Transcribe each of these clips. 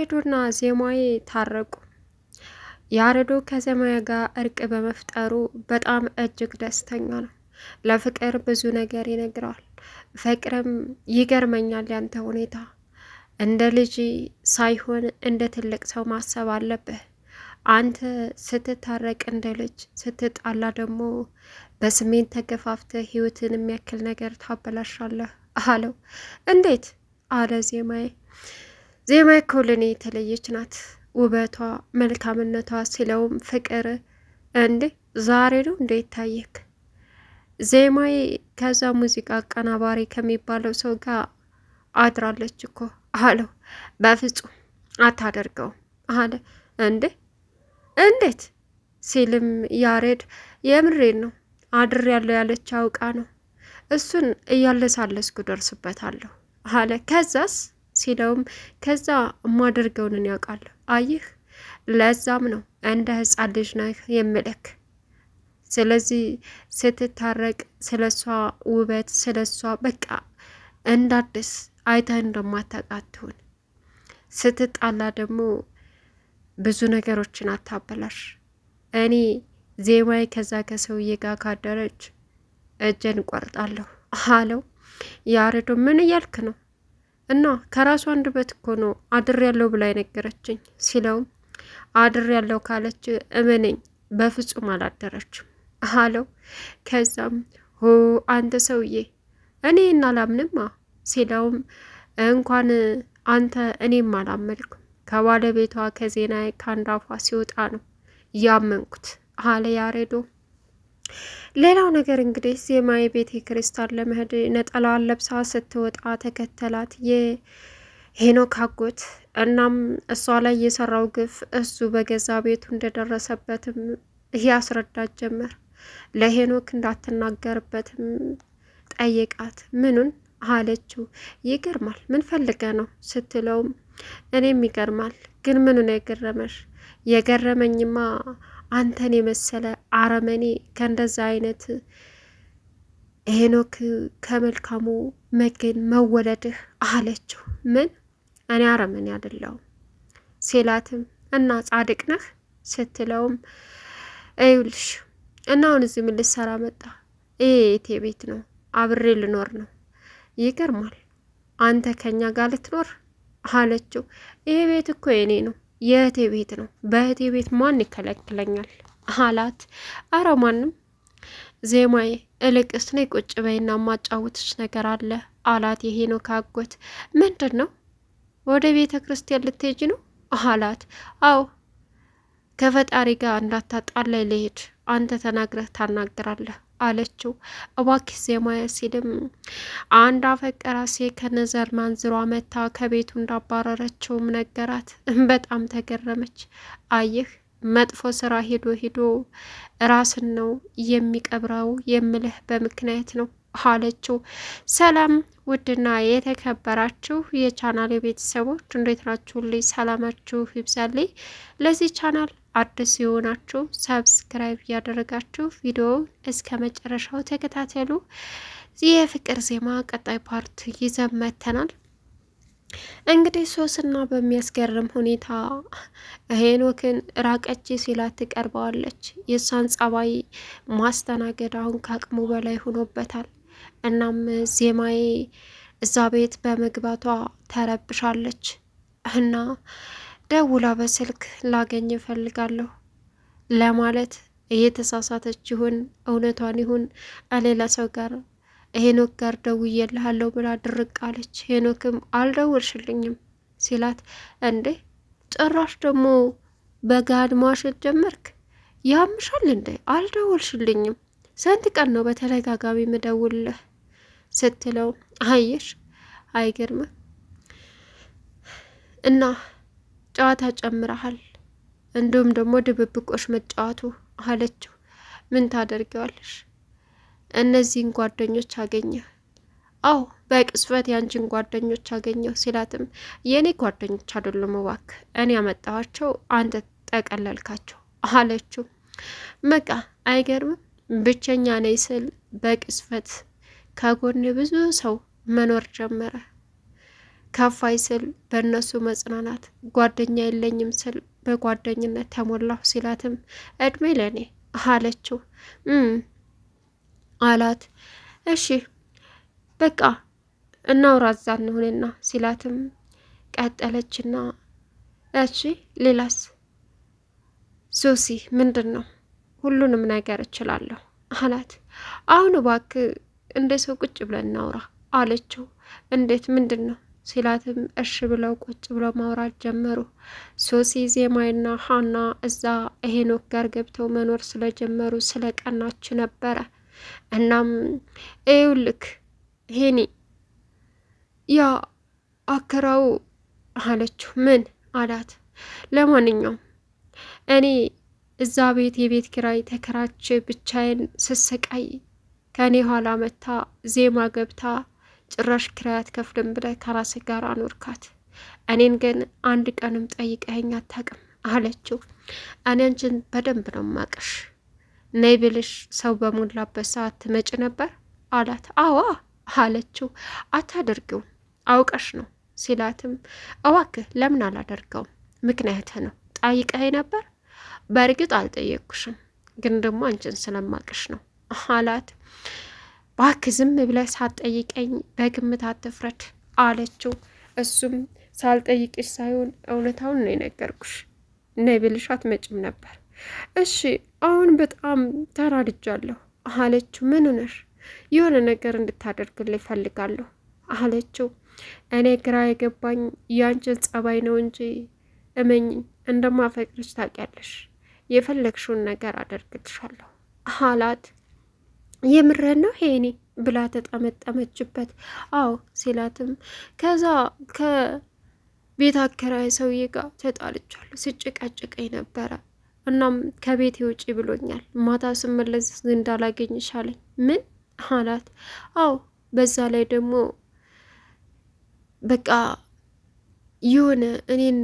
ያሬዶና ዜማዬ ታረቁ። ያሬዶ ከዜማዬ ጋር እርቅ በመፍጠሩ በጣም እጅግ ደስተኛ ነው። ለፍቅር ብዙ ነገር ይነግረዋል። ፍቅርም ይገርመኛል ያንተ ሁኔታ እንደ ልጅ ሳይሆን እንደ ትልቅ ሰው ማሰብ አለብህ። አንተ ስትታረቅ እንደ ልጅ፣ ስትጣላ ደግሞ በስሜን ተገፋፍተ ህይወትን የሚያክል ነገር ታበላሻለህ አለው። እንዴት አለ ዜማዬ ዜማ ከውልኔ የተለየች ናት ውበቷ መልካምነቷ ሲለውም ፍቅር እንዴ ዛሬ ነው እንደ ይታየክ ዜማዬ ከዛ ሙዚቃ አቀናባሪ ከሚባለው ሰው ጋር አድራለች እኮ አለው። በፍጹም አታደርገውም አለ። እንዴ እንዴት ሲልም ያሬድ የምሬን ነው አድር ያለው ያለች አውቃ ነው እሱን እያለሳለስኩ ደርስበታለሁ አለ። ከዛስ ሲለውም ከዛ የማደርገውንን ያውቃል። አይህ ለዛም ነው እንደ ህፃን ልጅ ነህ የምልክ። ስለዚህ ስትታረቅ ስለ እሷ ውበት ስለ እሷ በቃ እንዳድስ አይተህ እንደማታውቃት ስትጣላ ደግሞ ብዙ ነገሮችን አታበላሽ። እኔ ዜማዬ ከዛ ከሰውዬ ጋር ካደረች እጄን ቆርጣለሁ አለው። ያሬድ ምን እያልክ ነው? እና ከራሱ አንድ በት እኮ ነው አድር ያለው ብላ የነገረችኝ ሲለውም አድር ያለው ካለች እመነኝ በፍጹም አላደረችም አለው። ከዛም ሆ አንተ ሰውዬ እኔ እናላምንማ ሲለውም እንኳን አንተ እኔም አላመልኩም ከባለቤቷ ከዜና ከአንድ አፏ ሲወጣ ነው ያመንኩት አለ ያሬዶ። ሌላው ነገር እንግዲህ ዜማ የቤተ ክርስቲያን ለመሄድ ነጠላዋን ለብሳ ስትወጣ ተከተላት የሄኖክ አጎት። እናም እሷ ላይ የሰራው ግፍ እሱ በገዛ ቤቱ እንደደረሰበትም ያስረዳት ጀመር። ለሄኖክ እንዳትናገርበትም ጠየቃት። ምኑን አለችው። ይገርማል ምን ፈልገ ነው ስትለውም እኔም ይገርማል ግን ምኑን የገረመሽ የገረመኝማ አንተን የመሰለ አረመኔ ከእንደዛ አይነት ሄኖክ ከመልካሙ መገን መወለድህ አለችው። ምን እኔ አረመኔ አይደለሁም ሴላትም እና ጻድቅ ነህ ስትለውም እዩልሽ እና አሁን እዚህ ምን ልሰራ መጣ? ይሄ ቤት ነው፣ አብሬ ልኖር ነው። ይገርማል አንተ ከኛ ጋር ልትኖር አለችው። ይሄ ቤት እኮ የኔ ነው የእህቴ ቤት ነው፣ በእህቴ ቤት ማን ይከለክለኛል አላት። አረ ማንም ዜማዬ፣ እልቅስ ነይ ቁጭ በይና ማጫወትሽ ነገር አለ አላት ይሄኖ ካጎት ምንድን ነው ወደ ቤተ ክርስቲያን ልትሄጂ ነው አላት። አዎ ከፈጣሪ ጋር እንዳታጣላይ ልሄድ አንተ ተናግረህ ታናግራለህ አለችው። እባክሽ ዜማዬ ሲልም አንድ አፈቀራ ሴ ከነዘር ማንዝሯ መታ ከቤቱ እንዳባረረችውም ነገራት። በጣም ተገረመች። አየህ መጥፎ ስራ ሄዶ ሄዶ ራስን ነው የሚቀብረው የምልህ በምክንያት ነው አለችው። ሰላም ውድና የተከበራችሁ የቻናል የቤተሰቦች እንዴት ናችሁልኝ? ሰላማችሁ ይብዛልኝ። ለዚህ ቻናል አዲስ የሆናችሁ ሰብስክራይብ እያደረጋችሁ ቪዲዮ እስከ መጨረሻው ተከታተሉ። የፍቅር ዜማ ቀጣይ ፓርት ይዘን መጥተናል። እንግዲህ ሶስና በሚያስገርም ሁኔታ ሄኖክን ራቀች ሲላት ትቀርበዋለች። የእሷን ጸባይ ማስተናገድ አሁን ከአቅሙ በላይ ሆኖበታል። እናም ዜማዬ እዛ ቤት በመግባቷ ተረብሻለች እና ደውላ በስልክ ላገኝ እፈልጋለሁ ለማለት እየተሳሳተች ይሁን እውነቷን ይሁን ከሌላ ሰው ጋር ሄኖክ ጋር ደውዬልሃለሁ ብላ ድርቅ አለች። ሄኖክም አልደውልሽልኝም ሲላት እንዴ ጭራሽ ደግሞ በጋድ ማሸት ጀመርክ ያምሻል እንዴ አልደውልሽልኝም ስንት ቀን ነው በተደጋጋሚ ምደውልህ ስትለው አየሽ አይገርምም እና ጨዋታ ጨምረሃል፣ እንዲሁም ደግሞ ድብብቆሽ መጫወቱ አለችው። ምን ታደርጊዋለሽ? እነዚህን ጓደኞች አገኘ። አዎ በቅጽበት ያንቺን ጓደኞች አገኘው ሲላትም የእኔ ጓደኞች አይደሉም እባክህ፣ እኔ ያመጣኋቸው አንተ ጠቀለልካቸው አለችው። በቃ አይገርምም ብቸኛ ነኝ ስል በቅጽበት ከጎን ብዙ ሰው መኖር ጀመረ። ከፋይ ስል በእነሱ መጽናናት፣ ጓደኛ የለኝም ስል በጓደኝነት ተሞላሁ ሲላትም እድሜ ለእኔ አለችው አላት። እሺ በቃ እናውራ እዛ ሲላትም ቀጠለችና እሺ ሌላስ ሶሲ ምንድን ነው? ሁሉንም ነገር እችላለሁ አላት። አሁን እባክህ እንደ ሰው ቁጭ ብለን እናውራ አለችው። እንዴት ምንድን ነው? ሲላትም እሽ ብለው ቁጭ ብለው ማውራት ጀመሩ። ሶሲ ዜማይና ሀና እዛ ሄኖክ ጋር ገብተው መኖር ስለጀመሩ ስለ ቀናች ነበረ። እናም ይውልክ ሄኒ ያ አክራው አለችው። ምን አላት። ለማንኛውም እኔ እዛ ቤት የቤት ኪራይ ተከራች ብቻዬን ስሰቃይ ከኔ ኋላ መታ ዜማ ገብታ ጭራሽ ክራያት ከፍልም ብለህ ከራስህ ጋር አኖርካት። እኔን ግን አንድ ቀንም ጠይቀኸኝ አታውቅም አለችው። እኔ አንቺን በደንብ ነው ማቅሽ። ነይ ብልሽ ሰው በሞላበት ሰዓት ትመጭ ነበር አላት። አዋ አለችው። አታደርጊውም አውቀሽ ነው ሲላትም፣ እዋክ ለምን አላደርገውም? ምክንያት ነው። ጠይቀኸኝ ነበር። በእርግጥ አልጠየቅኩሽም፣ ግን ደግሞ አንቺን ስለማቅሽ ነው አላት። እባክህ ዝም ብለህ ሳትጠይቀኝ በግምት አትፍረድ አለችው። እሱም ሳልጠይቅሽ ሳይሆን እውነታውን ነው የነገርኩሽ፣ ነይ ብልሽ አትመጭም ነበር። እሺ አሁን በጣም ተናድጃለሁ አለችው። ምን ነሽ? የሆነ ነገር እንድታደርግልኝ እፈልጋለሁ አለችው። እኔ ግራ የገባኝ ያንችን ጸባይ ነው እንጂ እመኝ እንደማፈቅርሽ ታውቂያለሽ። የፈለግሽውን ነገር አደርግልሻለሁ አላት። የምረን ነው ሄኔ ብላ ተጠመጠመችበት። አዎ ሲላትም ከዛ ከቤት አከራይ ሰውዬ ጋር ተጣልቻለሁ፣ ሲጭቀጭቀኝ ነበረ። እናም ከቤት ውጪ ብሎኛል። ማታ ስመለስ እንዳላገኝሽ አለኝ። ምን አላት? አዎ በዛ ላይ ደግሞ በቃ የሆነ እኔን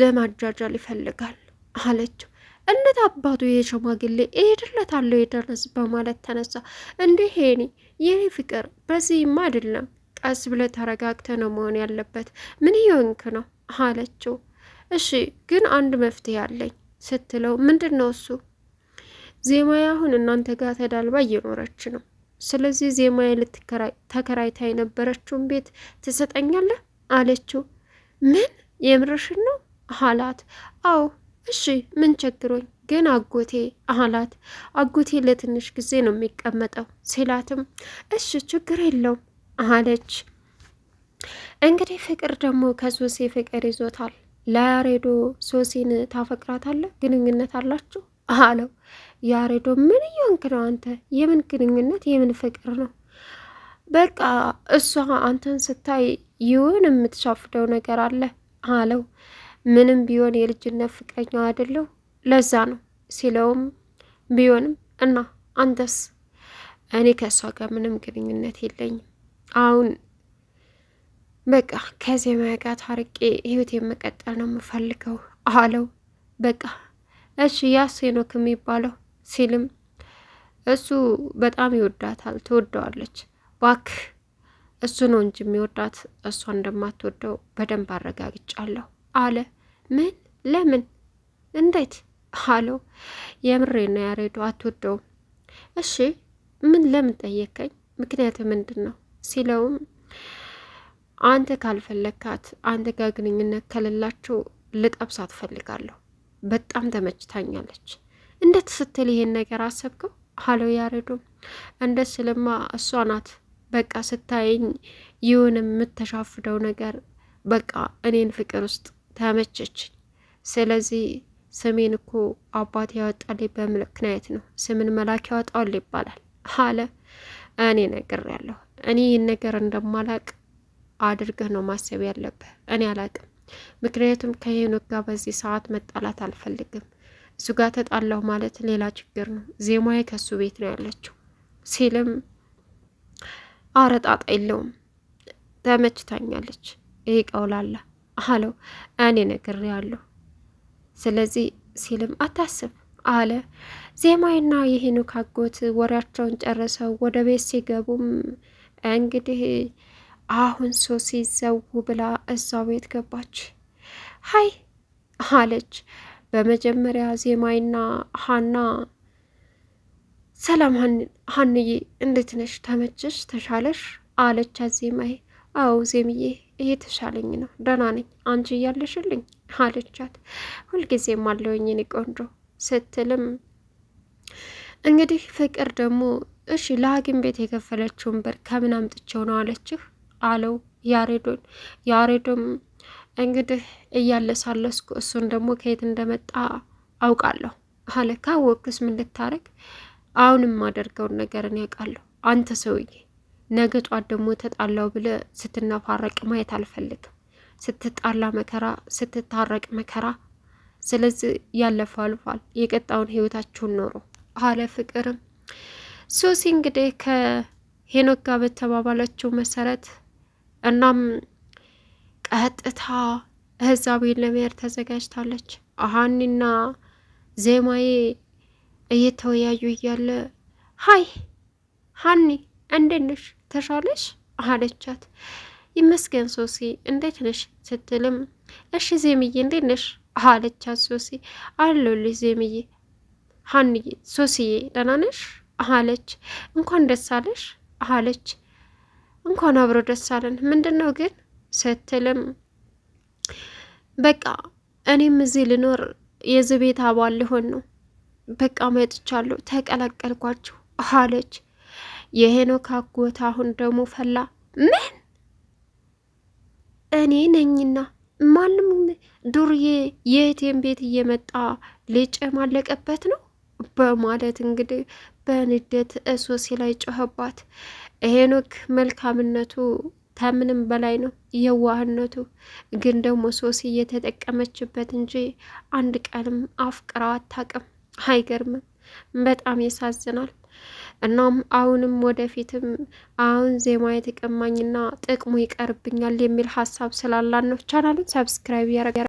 ለማጃጃል ይፈልጋል አለችው። እንዴት አባቱ ይሄ ሽማግሌ እሄድለታለሁ የደረስ በማለት ተነሳ። እንዴ ሄኒ ይህ ፍቅር በዚህማ አይደለም፣ ቀስ ብለ ተረጋግተ ነው መሆን ያለበት። ምን ይሆንክ ነው አለችው። እሺ ግን አንድ መፍትሄ አለኝ ስትለው፣ ምንድን ነው እሱ? ዜማዬ አሁን እናንተ ጋር ተዳልባ እየኖረች ነው። ስለዚህ ዜማዬ ተከራይታ የነበረችውን ቤት ትሰጠኛለህ አለችው። ምን የምርሽን ነው አላት። አዎ እሺ ምን ቸግሮኝ ግን አጎቴ አላት። አጎቴ ለትንሽ ጊዜ ነው የሚቀመጠው ሲላትም እሺ ችግር የለውም አለች። እንግዲህ ፍቅር ደግሞ ከሶሴ ፍቅር ይዞታል። ለያሬዶ ሶሲን ታፈቅራታለህ? ግንኙነት አላችሁ አለው። ያሬዶ ምን እየሆንክ ነው አንተ? የምን ግንኙነት የምን ፍቅር ነው? በቃ እሷ አንተን ስታይ ይሁን የምትሻፍደው ነገር አለ አለው። ምንም ቢሆን የልጅነት ፍቅረኛው አይደለሁ ለዛ ነው ሲለውም ቢሆንም እና አንተስ? እኔ ከእሷ ጋር ምንም ግንኙነት የለኝም። አሁን በቃ ከዚህ ጋር ታርቄ ህይወት የመቀጠል ነው የምፈልገው አለው። በቃ እሺ ያሴኖክ የሚባለው ሲልም እሱ በጣም ይወዳታል፣ ትወደዋለች። ባክ እሱ ነው እንጂ የሚወዳት እሷ እንደማትወደው በደንብ አረጋግጫለሁ አለ። ምን? ለምን? እንዴት አለው። የምሬ ነው ያሬዶ፣ አትወደውም። እሺ ምን? ለምን ጠየከኝ? ምክንያት ምንድን ነው ሲለውም አንተ ካልፈለግካት አንተ ጋር ግንኙነት ከሌላቸው ልጠብሳት ፈልጋለሁ። በጣም ተመችታኛለች። እንዴት ስትል ይሄን ነገር አሰብከው አለው ያሬዶ። እንደ ስልማ እሷ ናት በቃ ስታየኝ ይሁን የምተሻፍደው ነገር በቃ እኔን ፍቅር ውስጥ ተመቸችኝ። ስለዚህ ስሜን እኮ አባት ያወጣልኝ በምክንያት ነው። ስምን መላክ ያወጣል ይባላል አለ። እኔ ነገር ያለሁ እኔ ይህን ነገር እንደማላቅ አድርገህ ነው ማሰብ ያለብህ። እኔ አላቅም፣ ምክንያቱም ከሄኖክ ጋር በዚህ ሰዓት መጣላት አልፈልግም። እሱ ጋር ተጣላሁ ማለት ሌላ ችግር ነው። ዜማዬ ከሱ ቤት ነው ያለችው ሲልም አረጣጣ የለውም ተመችታኛለች። ይህ ቀውላላ አለው። እኔ ነግሬያለሁ፣ ስለዚህ ሲልም አታስብ አለ። ዜማይና ይህኑ ካጎት ወሬያቸውን ጨርሰው ወደ ቤት ሲገቡም እንግዲህ አሁን ሶሲ ዘው ብላ እዛ ቤት ገባች። ሀይ አለች። በመጀመሪያ ዜማይና ሀና ሰላም ሀንዬ፣ እንዴት ነሽ? ተመቸሽ? ተሻለሽ? አለች ዜማይ። አው ዜምዬ እየተሻለኝ ነው፣ ደህና ነኝ፣ አንቺ እያለሽልኝ አለቻት። ሁልጊዜም አለውኝ እኔ ቆንጆ ስትልም እንግዲህ ፍቅር ደግሞ እሺ ለሐኪም ቤት የከፈለችውን ብር ከምን አምጥቼው ነው አለችህ አለው ያሬዶን። ያሬዶም እንግዲህ እያለሳለስኩ እሱን ደግሞ ከየት እንደመጣ አውቃለሁ አለ። ካወቅስ ምን ልታረግ? አሁንም አደርገውን ነገርን ያውቃለሁ አንተ ሰውዬ ነገ ጧት ደግሞ ተጣላው ብለ ስትነፋረቅ ማየት አልፈልግም። ስትጣላ መከራ፣ ስትታረቅ መከራ። ስለዚህ ያለፈው አልፏል። የቀጣውን ህይወታችሁን ኖሮ አለ ፍቅርም። ሶሲ እንግዲህ ከሄኖክ ጋር በተባባለችው መሰረት እናም ቀጥታ እዛ ቤት ለመሄድ ተዘጋጅታለች። አሀኒና ዜማዬ እየተወያዩ እያለ ሀይ ሀኒ እንዴት ነሽ? ተሻለሽ አለቻት። ይመስገን ሶሲ እንዴት ነሽ ስትልም እሺ ዜምዬ እንዴት ነሽ አለቻት። ሶሲ አለሁልሽ ዜምዬ። ሀንዬ ሶሲዬ ደህና ነሽ አለች። እንኳን ደስ አለሽ አለች። እንኳን አብሮ ደስ አለን። ምንድን ነው ግን ስትልም በቃ እኔም እዚህ ልኖር የዚህ ቤት አባል ልሆን ነው። በቃ መጥቻለሁ፣ ተቀላቀልኳችሁ አለች። የሄኖክ አጎት አሁን ደግሞ ፈላ። ምን እኔ ነኝና ማንም ዱርዬ የእህቴን ቤት እየመጣ ልጭ ማለቀበት ነው በማለት እንግዲህ በንደት እሶሴ ላይ ጮኸባት። ሄኖክ መልካምነቱ ከምንም በላይ ነው የዋህነቱ። ግን ደግሞ ሶሲ እየተጠቀመችበት እንጂ አንድ ቀንም አፍቅራ አታውቅም። አይገርምም? በጣም ያሳዝናል። እናም አሁንም ወደፊትም አሁን ዜማ የተቀማኝና ጥቅሙ ይቀርብኛል የሚል ሀሳብ ስላላን ነው ቻናሉን ሰብስክራይብ ያደረገ